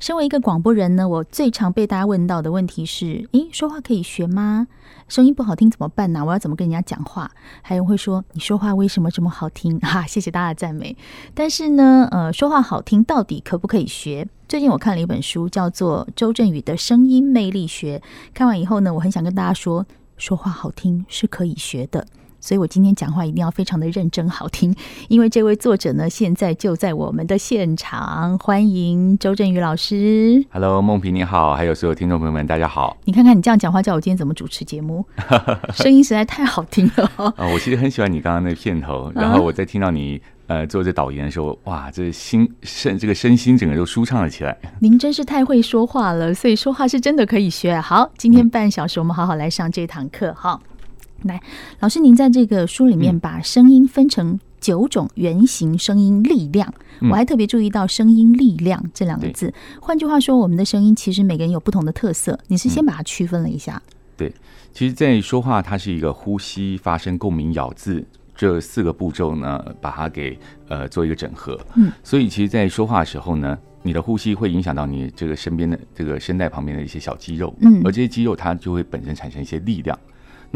身為一個廣播人呢，我最常被大家問到的問題是：誒，說話可以學嗎？聲音不好聽怎麼辦呢、啊？我要怎麼跟人家講話？還有人會說，你說話為什麼這麼好聽？哈、啊，謝謝大家的讚美。但是呢，呃，說話好聽到底可不可以學？最近我看了一本書，叫做《周震宇的聲音魅力學》。看完以後呢，我很想跟大家說，說話好聽是可以學的。所以我今天講話一定要非常的認真好聽，因為這位作者呢現在就在我們的現場，歡迎周震宇老師。Hello，夢萍你好，還有所有聽眾朋友們，大家好。你看看你這樣講話，叫我今天怎麼主持節目？ 聲音實在太好聽了。啊、 呃，我其實很喜歡你剛剛那片頭，然後我在聽到你呃做這導言的時候，哇，這心身這個身心整個都舒暢了起來。您真是太會說話了，所以說話是真的可以學。好，今天半小時我們好好來上這堂課哈。嗯哦來，老師，您在這個書裡面把聲音分成九種原型聲音力量，嗯，我還特別注意到“聲音力量”這兩個字。對換句話說，我們的聲音其實每個人有不同的特色。你是先把它區分了一下，對。其實，在說話，它是一個呼吸、發聲、共鳴、咬字這四個步驟呢，把它給呃做一個整合。嗯，所以，其實，在說話的時候呢，你的呼吸會影響到你這個身邊的這個聲帶旁邊的一些小肌肉，嗯，而這些肌肉它就會本身產生一些力量。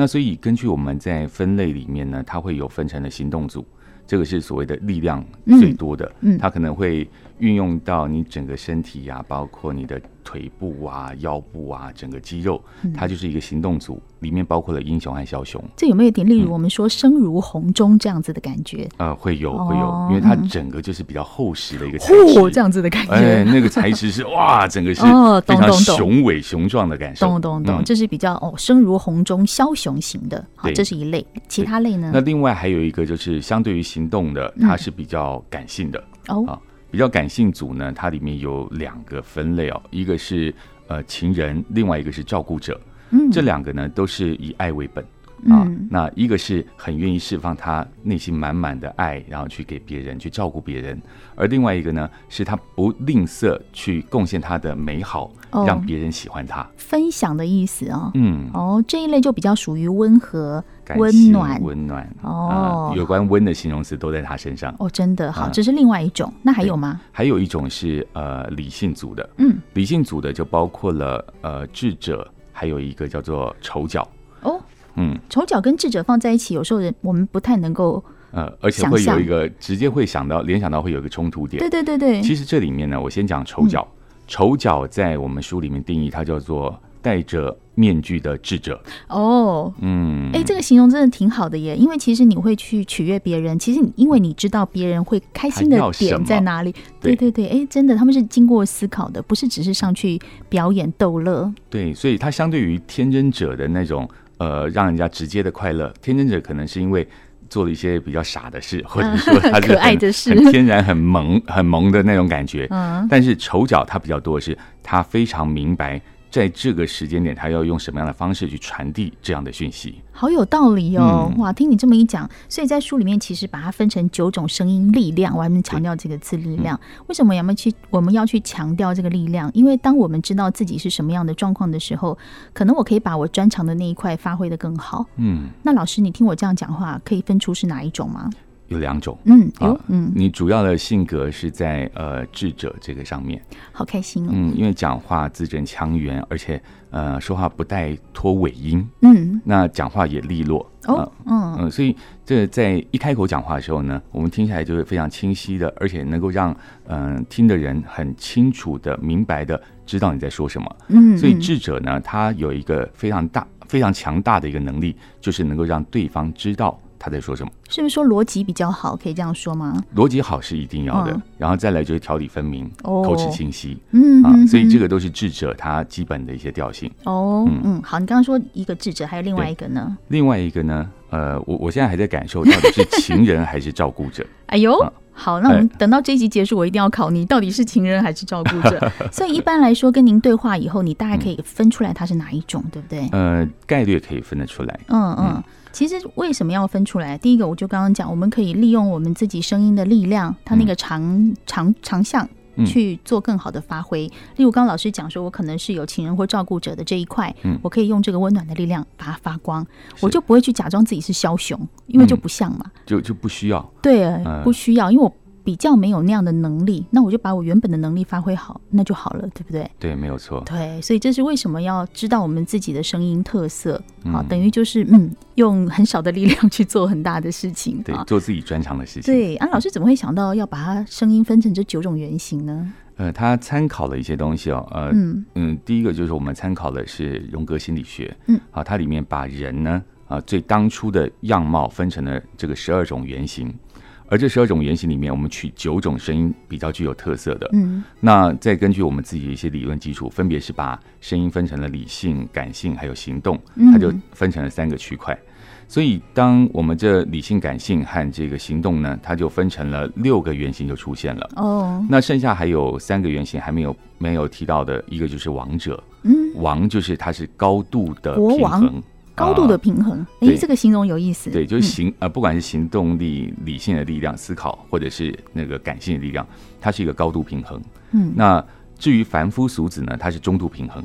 那所以，根據我們在分類裡面呢，它會有分成的行動組，這個是所謂的力量最多的、嗯，嗯、它可能會，運用到你整個身體呀，包括你的腿部啊、腰部啊，整個肌肉，它就是一個行動組，裡面包括了英雄和梟雄。這有沒有點，例如我們說聲如洪鐘這樣子的感覺？啊，會有會有，因為它整個就是比較厚實的一個材質，這樣子的感覺。對，那個材質是哇，整個是非常雄偉雄壯的感覺。懂懂懂，這是比較哦，聲如洪鐘梟雄型的，好，這是一類。其他類呢？那另外還有一個就是相對於行動的，它是比較感性的哦。比較感性組呢，它裡面有兩個分類哦，一個是呃情人，另外一個是照顧者，嗯，這兩個呢都是以愛為本。嗯、啊，那一個是很願意釋放他內心滿滿的愛，然後去給別人，去照顧別人，而另外一個呢，是他不吝嗇去貢獻他的美好，哦、讓別人喜歡他，分享的意思啊、哦。嗯，哦，這一類就比較屬於溫和、感溫暖、溫暖哦、啊。有關溫的形容詞都在他身上哦，真的好，這是另外一種。啊、那還有嗎？還有一種是呃理性組的，嗯，理性組的就包括了呃智者，還有一個叫做丑角哦。嗯，丑角跟智者放在一起，有時候人我們不太能夠呃，而且會有一個直接會想到聯想到會有一個衝突點。對、嗯、對對對，其實這裡面呢，我先講丑角，丑角、嗯、在我們書裡面定義，它叫做戴着面具的智者。哦，嗯，哎、欸，這個形容真的挺好的耶，因為其實你會去取悅別人，其實你因為你知道別人會開心的點在哪裡。對對對，哎、欸，真的，他們是經過思考的，不是只是上去表演逗樂。對，所以它相對於天真者的那種。呃，讓人家直接的快樂，天真者可能是因為做了一些比較傻的事，啊，很可愛的事，或者說他這個很天然，很萌，很萌的那種感覺。嗯，但是丑角他比較多的是，他非常明白。在這個時間點，他要用什麼樣的方式去傳遞這樣的訊息？好有道理哦，嗯、哇！聽你這麼一講，所以在書裡面其實把它分成九種聲音力量，我還沒強調這個字“力量”。對 為什麼我們要去我們要去強調這個力量？嗯、因為當我們知道自己是什麼樣的狀況的時候，可能我可以把我專長的那一塊發揮的更好。嗯，那老師，你聽我這樣講話，可以分出是哪一種嗎？有兩種，嗯，哦，嗯，你主要的性格是在呃智者這個上面，好開心嗯，因為講話字正腔圓，而且呃說話不帶拖尾音，嗯，那講話也利落，哦，嗯嗯，所以這在一開口講話的時候呢，我們聽起來就會非常清晰的，而且能夠讓嗯、呃、聽的人很清楚的明白的知道你在說什麼，嗯，所以智者呢，他有一個非常大、非常強大的一個能力，就是能夠讓對方知道。他在說什麼？是不是說邏輯比較好？可以這樣說嗎？邏輯好是一定要的，然後再來就是條理分明，口齒清晰，嗯啊，所以這個都是智者他基本的一些調性。哦，嗯好，你剛剛說一個智者，還有另外一個呢？另外一個呢？呃，我我現在還在感受到底是情人還是照顧者？哎呦，好，那我們等到這一集結束，我一定要考你，到底是情人還是照顧者？所以一般來說，跟您對話以後，你大概可以分出來他是哪一種，對不對？呃，概率，可以分得出來。嗯嗯。其實為什麼要分出來？第一個，我就剛剛講，我們可以利用我們自己聲音的力量，它那個長、嗯、長長項、嗯、去做更好的發揮。例如，剛老師講說，我可能是有情人或照顧者的這一塊，嗯、我可以用這個溫暖的力量把它發光，是我就不會去假裝自己是梟雄，因為就不像嘛，嗯、就就不需要，對，不需要，呃、因為我。比較沒有那樣的能力，那我就把我原本的能力發揮好，那就好了，對不對？對，沒有錯。對，所以這是為什麼要知道我們自己的聲音特色好、嗯啊，等於就是嗯，用很少的力量去做很大的事情，對，做自己專長的事情。對、啊，安、嗯啊、老師怎麼會想到要把它聲音分成這九種原型呢？呃，他參考了一些東西哦，呃，嗯，嗯，第一個就是我們參考的是榮格心理學，嗯，好，它裡面把人呢啊最當初的樣貌分成了這個十二種原型。而這十二種原型裡面，我們取九種聲音比較具有特色的，嗯，嗯，那再根據我們自己的一些理論基礎，分別是把聲音分成了理性、感性，還有行動，它就分成了三個區塊。所以，當我們這理性、感性和這個行動呢，它就分成了六個原型就出現了。哦，那剩下還有三個原型還沒有沒有提到的，一個就是王者，王就是它是高度的平衡。高度的平衡，哎、啊，這個形容有意思。對，就是行，呃，不管是行動力、理性的力量、思考，或者是那個感性的力量，它是一個高度平衡。嗯，那至於凡夫俗子呢，他是中度平衡，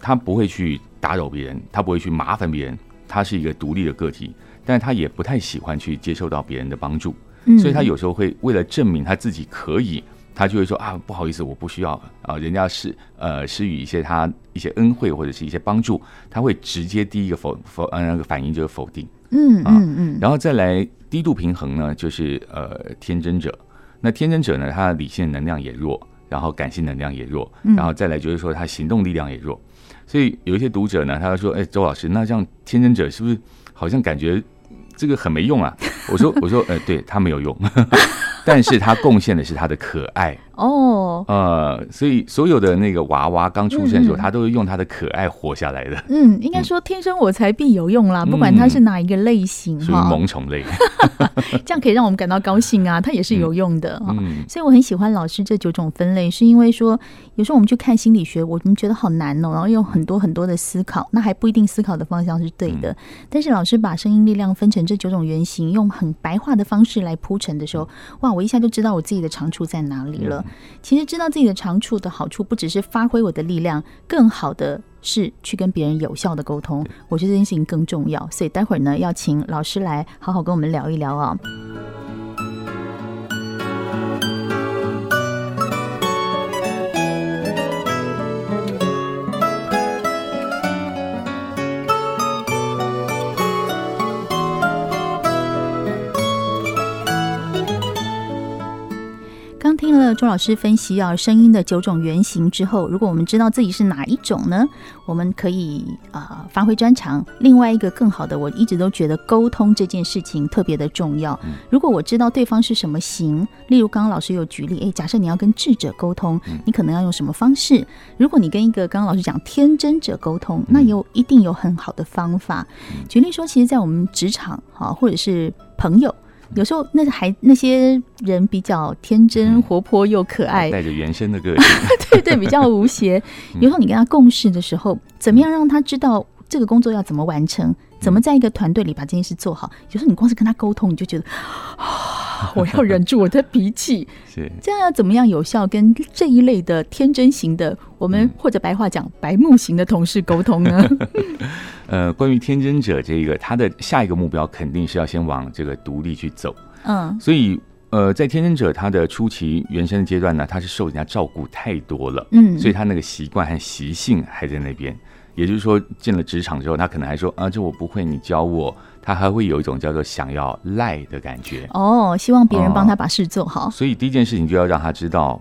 他不會去打擾別人，他不會去麻煩別人，他是一個獨立的個體，但是他也不太喜歡去接受到別人的幫助，嗯，所以他有時候會為了證明他自己可以。他就會說啊，不好意思，我不需要啊。然後人家施呃施予一些他一些恩惠或者是一些幫助，他會直接第一個否否，嗯，那個反應就是否定，嗯嗯嗯，然後再來低度平衡呢，就是呃天真者。那天真者呢，他的理性能量也弱，然後感性能量也弱，然後再來就是說他行動力量也弱。所以有一些讀者呢，他說，哎，周老師，那這樣天真者是不是好像感覺這個很沒用啊？我說，我說，呃，對他沒有用。 但是他貢獻的是他的可愛。哦，oh, 呃，所以所有的那個娃娃剛出生的時候，嗯嗯他都是用他的可愛活下來的。嗯，應該說天生我材必有用啦，嗯、不管他是哪一個類型哈，嗯、好是萌寵類 這樣可以讓我們感到高興啊，他也是有用的。嗯，所以我很喜歡老師這九種分類，是因為說有時候我們去看心理學，我們覺得好難哦，然後有很多很多的思考，那還不一定思考的方向是對的。嗯、但是老師把聲音力量分成這九種原型，用很白話的方式來鋪陳的時候，哇，我一下就知道我自己的長處在哪裡了。嗯其實知道自己的長處的好處，不只是發揮我的力量，更好的是去跟別人有效的溝通。我覺得這件事情更重要，所以待會兒呢，要請老師來好好跟我們聊一聊啊、哦。那周老師分析要、啊、聲音的九種原型之後，如果我們知道自己是哪一種呢？我們可以啊、呃、發揮專長。另外一個更好的，我一直都覺得溝通這件事情特別的重要。嗯、如果我知道對方是什麼型，例如剛剛老師有舉例，誒，假設你要跟智者溝通，嗯、你可能要用什麼方式？如果你跟一個剛剛老師講天真者溝通，那有一定有很好的方法。嗯、舉例說，其實，在我們職場哈，或者是朋友。有時候那還，那個孩那些人比較天真、活潑又可愛，帶着原生的個性， 對對，比較無邪。有時候你跟他共事的時候，怎麼樣讓他知道這個工作要怎麼完成，怎麼在一個團隊裡把這件事做好？有時候你光是跟他溝通，你就覺得，啊，我要忍住我的脾氣， 是這樣要怎麼樣有效跟這一類的天真型的，我們或者白話講白目型的同事溝通呢？ 呃，關於天真者這個，他的下一個目標肯定是要先往這個獨立去走。嗯，所以呃，在天真者他的初期、原生的階段呢，他是受人家照顧太多了。嗯，所以他那個習慣和習性還在那邊。也就是說，進了職場之後，他可能還說：“啊，這我不會，你教我。”他還會有一種叫做想要賴的感覺。哦，希望別人幫他把事做好。嗯，所以第一件事情就要讓他知道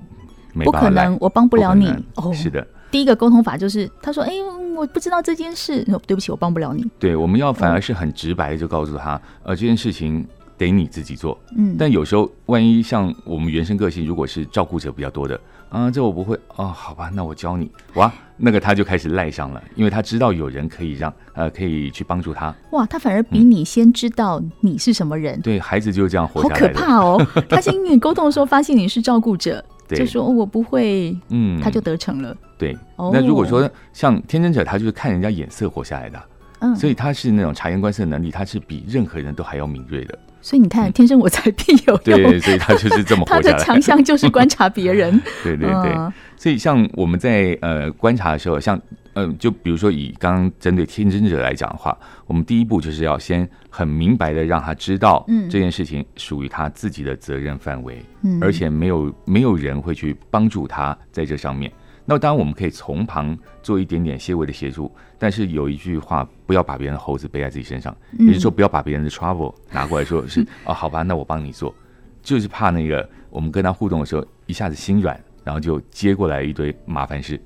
沒辦法，不可，不，不可能，我幫不了你。哦，是的。第一個溝通法就是，他說：“哎。”我不知道這件事，哦、對不起，我幫不了你。對，我們要反而是很直白的就告訴他，哦、呃，這件事情得你自己做。嗯，但有時候萬一像我們原生個性如果是照顧者比較多的，啊、呃，這我不會，哦，好吧，那我教你，哇，那個他就開始賴上了，因為他知道有人可以讓，呃，可以去幫助他。哇，他反而比你先知道你是什麼人。嗯、對，孩子就是這樣活，活。好可怕哦！他先跟你溝通的時候發現你是照顧者。 對就說、哦、我不會，嗯，他就得逞了。對，oh. 那如果說像天真者，他就是看人家眼色活下來的，嗯，所以他是那種察言觀色的能力，他是比任何人都還要敏銳的。所以你看，嗯、天生我才必有用。對，對，對，所以他就是這麼活下來的。 他的強項就是觀察別人。 對對對。Oh. 所以像我們在呃觀察的時候，像。嗯，就比如說以剛剛針對天真者來講的話，我們第一步就是要先很明白的讓他知道，嗯，這件事情屬於他自己的責任範圍，嗯，而且沒有沒有人會去幫助他在這上面。那當然我們可以從旁做一點點些微的協助，但是有一句話，不要把別人的猴子背在自己身上，也就是說不要把別人的 trouble 拿過來說是，哦，好吧，那我幫你做，就是怕那個我們跟他互動的時候一下子心軟，然後就接過來一堆麻煩事。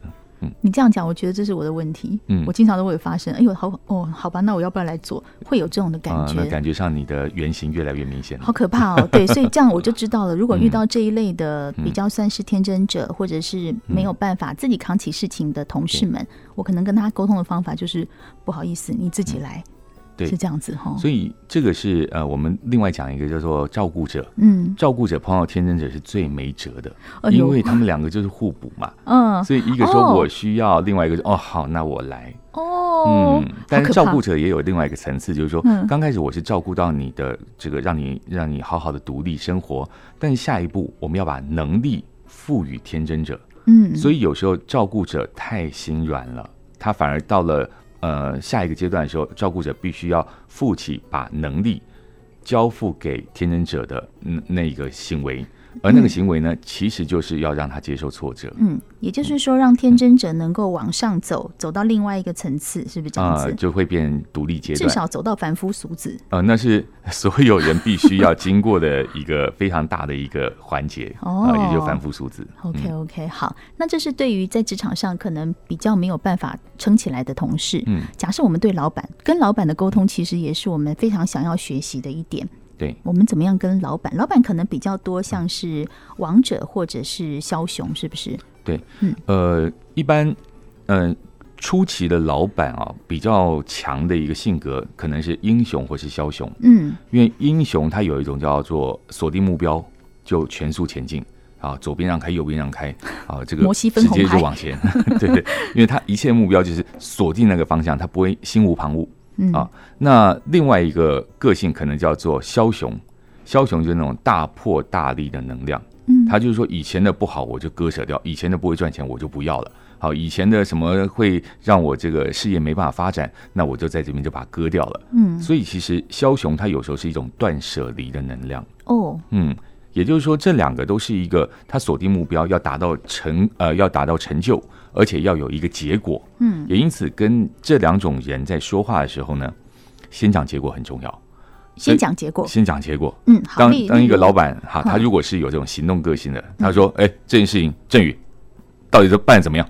你這樣講，我覺得這是我的問題。嗯，我經常都會發生。哎呦，好哦，好吧，那我要不要來做，會有這種的感覺。啊、感覺上，你的原型越來越明顯，好可怕哦。對，所以這樣我就知道了。 如果遇到這一類的比較算是天真者，嗯、或者是沒有辦法自己扛起事情的同事們，嗯、我可能跟他溝通的方法就是，不好意思，你自己來。嗯是這樣子哈，所以這個是呃，我們另外講一個叫做照顧者，嗯，照顧者碰到天真者是最沒轍的，因為他們兩個就是互補嘛，嗯，所以一個說我需要，另外一個說哦好，那我來，哦，嗯，但是照顧者也有另外一個層次，就是說剛開始我是照顧到你的這個，讓你讓你好好的獨立生活，但是下一步我們要把能力賦予天真者，嗯，所以有時候照顧者太心軟了，他反而到了。呃，下一個階段的時候，照顧者必須要負起把能力交付給天真者的那那一個行為。而那個行為呢，嗯、其實就是要讓他接受挫折。嗯，也就是說，讓天真者能夠往上走，嗯、走到另外一個層次，是不是這樣子？啊、就會變獨立階段，至少走到凡夫俗子。呃、啊，那是所有人必須要經過的一個非常大的一個環節。哦、 啊，也就凡夫俗子。哦嗯、OK OK，好，那這是對於在職場上可能比較沒有辦法撐起來的同事。嗯，假設我們對老闆跟老闆的溝通，其實也是我們非常想要學習的一點。對我們怎麼樣跟老闆？老闆可能比較多，像是王者，或者是梟雄，是不是？對，嗯，呃，一般，嗯、呃，初期的老闆啊，比較強的一個性格，可能是英雄或是梟雄，嗯，因為英雄他有一種叫做鎖定目標就全速前進，啊，左邊讓開，右邊讓開，啊，這個直接就往前，對對， 因為他一切目標就是鎖定那個方向，他不會心無旁騖。嗯、啊，那另外一個個性可能叫做梟雄，梟雄就是那種大破大立的能量。嗯，他就是說以前的不好，我就割捨掉；以前的不會賺錢，我就不要了。好、啊，以前的什麼會讓我這個事業沒辦法發展，那我就在這邊就把它割掉了。嗯，所以其實梟雄他有時候是一種斷捨離的能量。嗯、哦，嗯。也就是說，這兩個都是一個他鎖定目標要達到成呃要達到成就，而且要有一個結果。嗯，也因此跟這兩種人在說話的時候呢，先講結果很重要。先講結果，欸、先講結果。嗯，好，當當一個老闆哈，他如果是有這種行動個性的，嗯、他說：“哎、欸，這件事情，震宇，到底都辦的怎麼樣？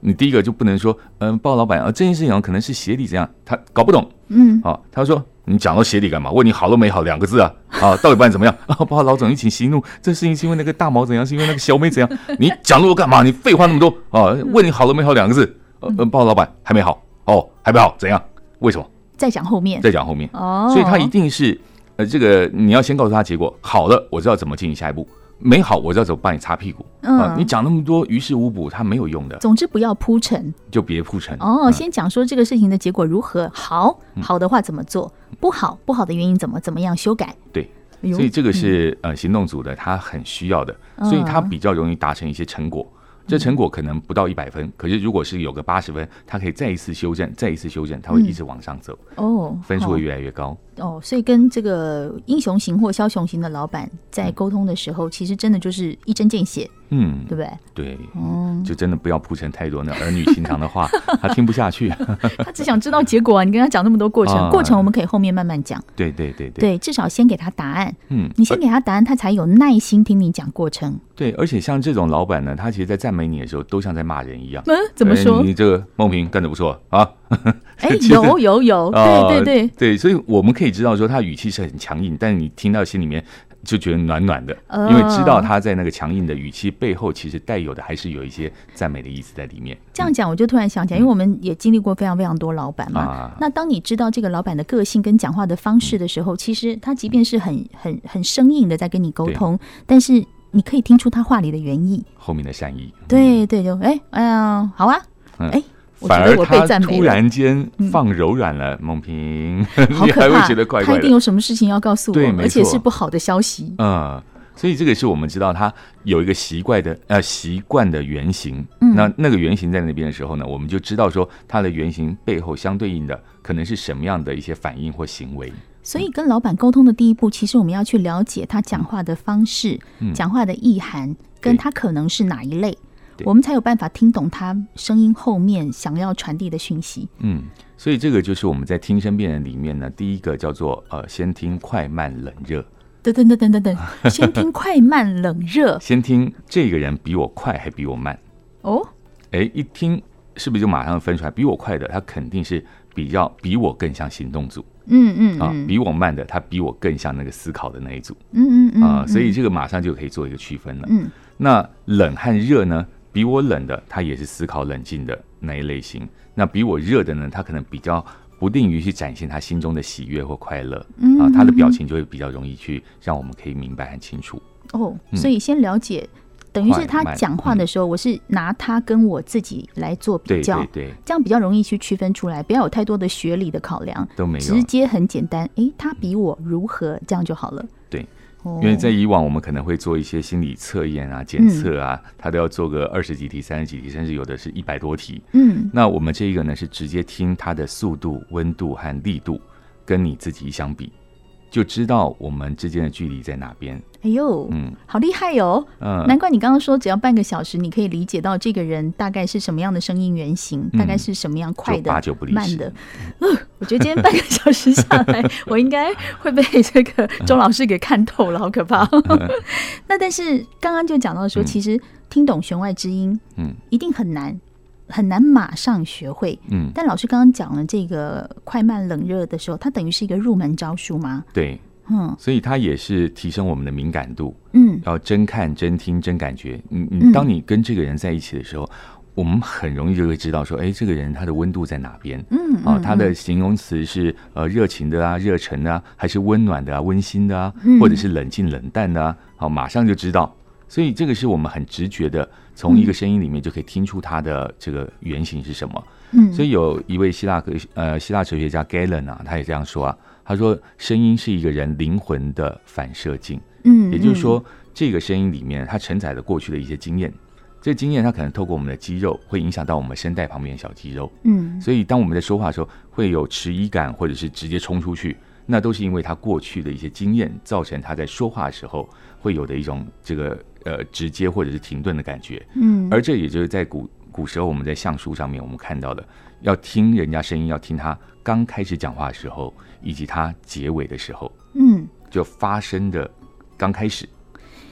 你第一個就不能說，嗯、呃，報老闆啊，這件事情可能是協理怎樣，他搞不懂。嗯，好、哦，他說。”你講到鞋底幹嘛？問你好了沒好兩個字啊？啊，到底辦怎麼樣？啊，報告，老總，請息怒。這事情是因為那個大毛怎樣？是因為那個小美怎樣？你講那麼多幹嘛？你廢話那麼多啊？問你好了沒好兩個字？呃、啊、呃，報告，老闆還沒好哦，還沒好，怎樣？為什麼？再講後面，再講後面哦。Oh. 所以他一定是，呃，這個你要先告訴他結果好了，我知道怎麼進行下一步。沒好，我要走幫你擦屁股。嗯，呃、你講那麼多於事無補，它沒有用的。總之不要鋪陳，就別鋪陳。哦，先講說這個事情的結果如何，好好的話怎麼做，嗯、不好不好的原因怎麼怎麼樣修改。對，所以這個是呃行動組的，他很需要的，所以他比較容易達成一些成果。嗯嗯這成果可能不到一百分，可是如果是有個八十分，他可以再一次修正，再一次修正，他會一直往上走哦，分數會越來越高，嗯、哦，哦。所以跟這個英雄型或梟雄型的老闆在溝通的時候，其實真的就是一針見血。嗯，對不對？對，就真的不要鋪陳太多那兒女情長的話，他聽不下去。他只想知道結果啊！你跟他講那麼多過程，過程我們可以後面慢慢講。對對對對。對，至少先給他答案。嗯，你先給他答案，他才有耐心聽你講過程。對，而且像這種老板呢，他其實，在讚美你的時候，都像在罵人一樣。嗯，怎麼說？你這個孟平幹得不錯啊！哎，有有有，對對對對，所以我們可以知道說，他語氣是很強硬，但是你聽到心裡面。就覺得暖暖的，哦、因為知道他在那個強硬的語氣背後，其實帶有的還是有一些讚美的意思在裡面。嗯、這樣講，我就突然想起來，嗯、因為我們也經歷過非常非常多老闆嘛。啊、那當你知道這個老闆的個性跟講話的方式的時候，嗯、其實他即便是很、嗯、很很生硬的在跟你溝通，嗯、但是你可以聽出他話裡的原意，後面的善意。對對，對就，就哎哎呀，好啊，哎、嗯。欸反而他突然間放柔軟了，我覺得我被讚美了，嗯，放柔軟了，孟平， 你還會覺得怪怪的。他一定有什麼事情要告訴我，對，沒錯，而且是不好的消息。嗯，所以這個是我們知道他有一個習慣的呃習慣的原型。那那個原型在那邊的時候呢，我們就知道說他的原型背後相對應的可能是什麼樣的一些反應或行為。所以跟老闆溝通的第一步，其實我們要去了解他講話的方式、嗯、講話的意涵，跟他可能是哪一類。嗯我們才有辦法聽懂他聲音後面想要傳遞的訊息。嗯，所以這個就是我們在聽聲辨人裡面呢，第一個叫做呃，先聽快慢冷熱。等等等等等等，先聽快慢冷熱。 先聽這個人比我快還比我慢？哦，哎，一聽是不是就馬上分出來？比我快的，他肯定是比較比我更像行動組。嗯嗯啊，比我慢的，他比我更像那個思考的那一組。嗯嗯啊，所以這個馬上就可以做一個區分了。嗯，那冷和熱呢？比我冷的，他也是思考冷靜的那一類型。那比我熱的呢，他可能比較不定於去展現他心中的喜悅或快樂。嗯，啊，他的表情就會比較容易去讓我們可以明白很清楚。嗯、哦，所以先了解，等於是他講話的時候，嗯、我是拿他跟我自己來做比較，對，對，對，這樣比較容易去區分出來，不要有太多的學理的考量，都沒有，直接很簡單。哎、欸，他比我如何，這樣就好了。對。因為在以往，我們可能會做一些心理測驗啊、檢測啊，他都要做個二十幾題、三十幾題，甚至有的是一百多題。嗯，那我們這一個呢，是直接聽他的速度、溫度和力度，跟你自己相比。就知道我們之間的距離在哪邊？哎呦，嗯，好厲害喲、哦，呃、難怪你剛剛說只要半個小時，你可以理解到這個人大概是什麼樣的聲音原型，嗯、大概是什麼樣快的、慢的、呃。我覺得今天半個小時下來， 我應該會被這個周老師給看透了，好可怕、哦。嗯、 那但是剛剛就講到說，其實聽懂弦外之音，嗯，一定很難。很難馬上學會，嗯，但老師剛剛講了這個快慢冷熱的時候，嗯、它等於是一個入門招數嗎？對，嗯，所以它也是提升我們的敏感度，嗯，要真看真聽真感覺。嗯，你當你跟這個人在一起的時候，嗯、我們很容易就會知道說，哎、欸，這個人他的溫度在哪邊、嗯？嗯，啊、哦，他的形容詞是呃熱情的啊、熱忱的啊，還是溫暖的啊、溫馨的啊，嗯、或者是冷靜冷淡的啊？好、哦，馬上就知道。所以這個是我們很直覺的。從一個聲音裡面就可以聽出它的這個原型是什麼。嗯，所以有一位希臘格呃希臘哲學家 Galen 啊，他也這樣說啊。他說，聲音是一個人靈魂的反射鏡。嗯，也就是說，這個聲音裡面它承載了過去的一些經驗。這個經驗它可能透過我們的肌肉，會影響到我們聲帶旁邊的小肌肉。嗯，所以當我們在說話的時候，會有遲疑感，或者是直接衝出去，那都是因為它過去的一些經驗造成他在說話的時候會有的一種這個。呃，直接或者是停頓的感覺，嗯，而這也就是在古古時候，我們在相書上面我們看到的，要聽人家聲音，要聽他剛開始講話的時候，以及他結尾的時候，嗯，就發聲的剛開始，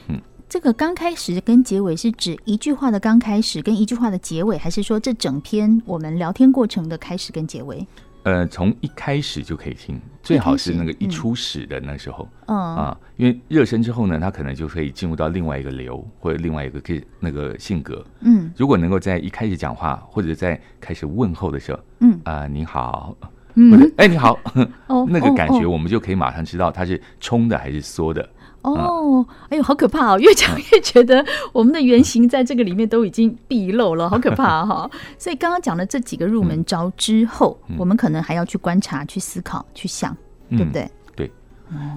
嗯，這個剛開始跟結尾是指一句話的剛開始跟一句話的結尾，還是說這整篇我們聊天過程的開始跟結尾？呃，從一開始就可以聽，最好是那個一初始的那時候，嗯、啊，因為熱身之後呢，他可能就可以進入到另外一個流，或者另外一個那個性格，嗯，如果能夠在一開始講話或者在開始問候的時候，嗯啊、呃，你好，嗯、或者哎你好， 那個感覺我們就可以馬上知道他是衝的還是縮的。哦，哎呦，好可怕哦！越講越覺得我們的原型在這個裡面都已經畢露了，好可怕哈、哦！所以剛剛講了這幾個入門招之後，嗯嗯、我們可能還要去觀察、去思考、去想，嗯、對不對？對，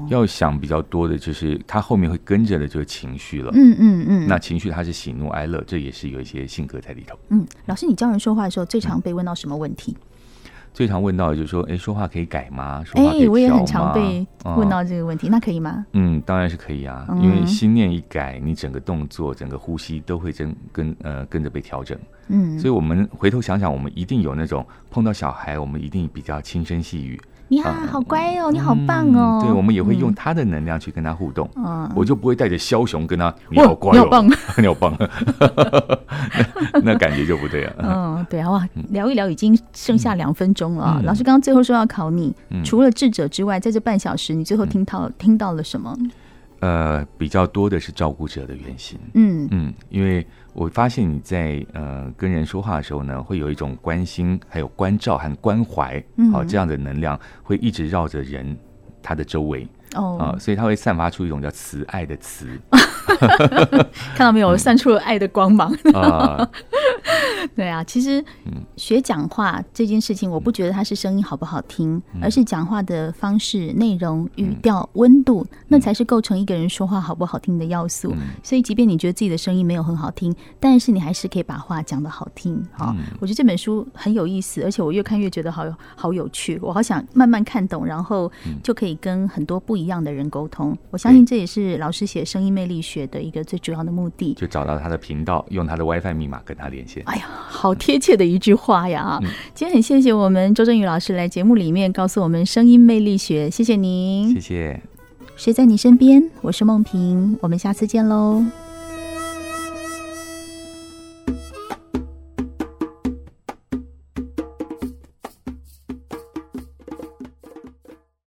要想比較多的就是它後面會跟着的這個情緒了。嗯嗯嗯。嗯嗯那情緒它是喜怒哀樂，這也是有一些性格在裡頭。嗯，老師，你教人說話的時候，最常被問到什麼問題？嗯最常問到的就是說，哎，說話可以改嗎？說話可以，哎，我也很常被問到這個問題，嗯、那可以嗎？嗯，當然是可以啊，因為心念一改，你整個動作、整個呼吸都會真跟跟呃跟着被調整。嗯，所以我們回頭想想，我們一定有那種碰到小孩，我們一定比較輕聲細語。你、啊、好乖哦，啊、嗯、你好棒哦！對，我們也會用他的能量去跟他互動。嗯、啊、我就不會帶着梟雄跟他。你好乖哦，你好棒，你好棒，那感覺就不對了、啊。嗯，對啊，哇，聊一聊已經剩下兩分鐘了。嗯、老師剛剛最後說要考你，嗯、除了智者之外，在這半小時你最後聽到、嗯、聽到了什麼？呃，比較多的是照顧者的原型。嗯嗯，因為。我發現你在呃跟人說話的時候呢，會有一種關心，還有關照和關懷，嗯，好，這樣的能量會一直繞着人他的周圍，啊，所以他會散發出一種叫慈愛的慈。 看到沒有，我散出了愛的光芒。嗯、 對啊，其實學講話這件事情，我不覺得它是聲音好不好聽，嗯、而是講話的方式、內容、語調、溫度，嗯、那才是構成一個人說話好不好聽的要素。嗯、所以，即便你覺得自己的聲音沒有很好聽，但是你還是可以把話講得好聽。好、哦，嗯、我覺得這本書很有意思，而且我越看越覺得好好有趣，我好想慢慢看懂，然後就可以跟很多不一樣的人溝通。嗯、我相信這也是老師寫《聲音魅力學》。學的一個最主要的目的，就找到他的頻道，對用他的 WiFi 密碼跟他連線。哎呀，好貼切的一句話呀！嗯、今天很謝謝我們周震宇老師來節目裡面告訴我們聲音魅力學，謝謝您，謝謝。誰在你身邊？我是夢萍，我們下次見嘍。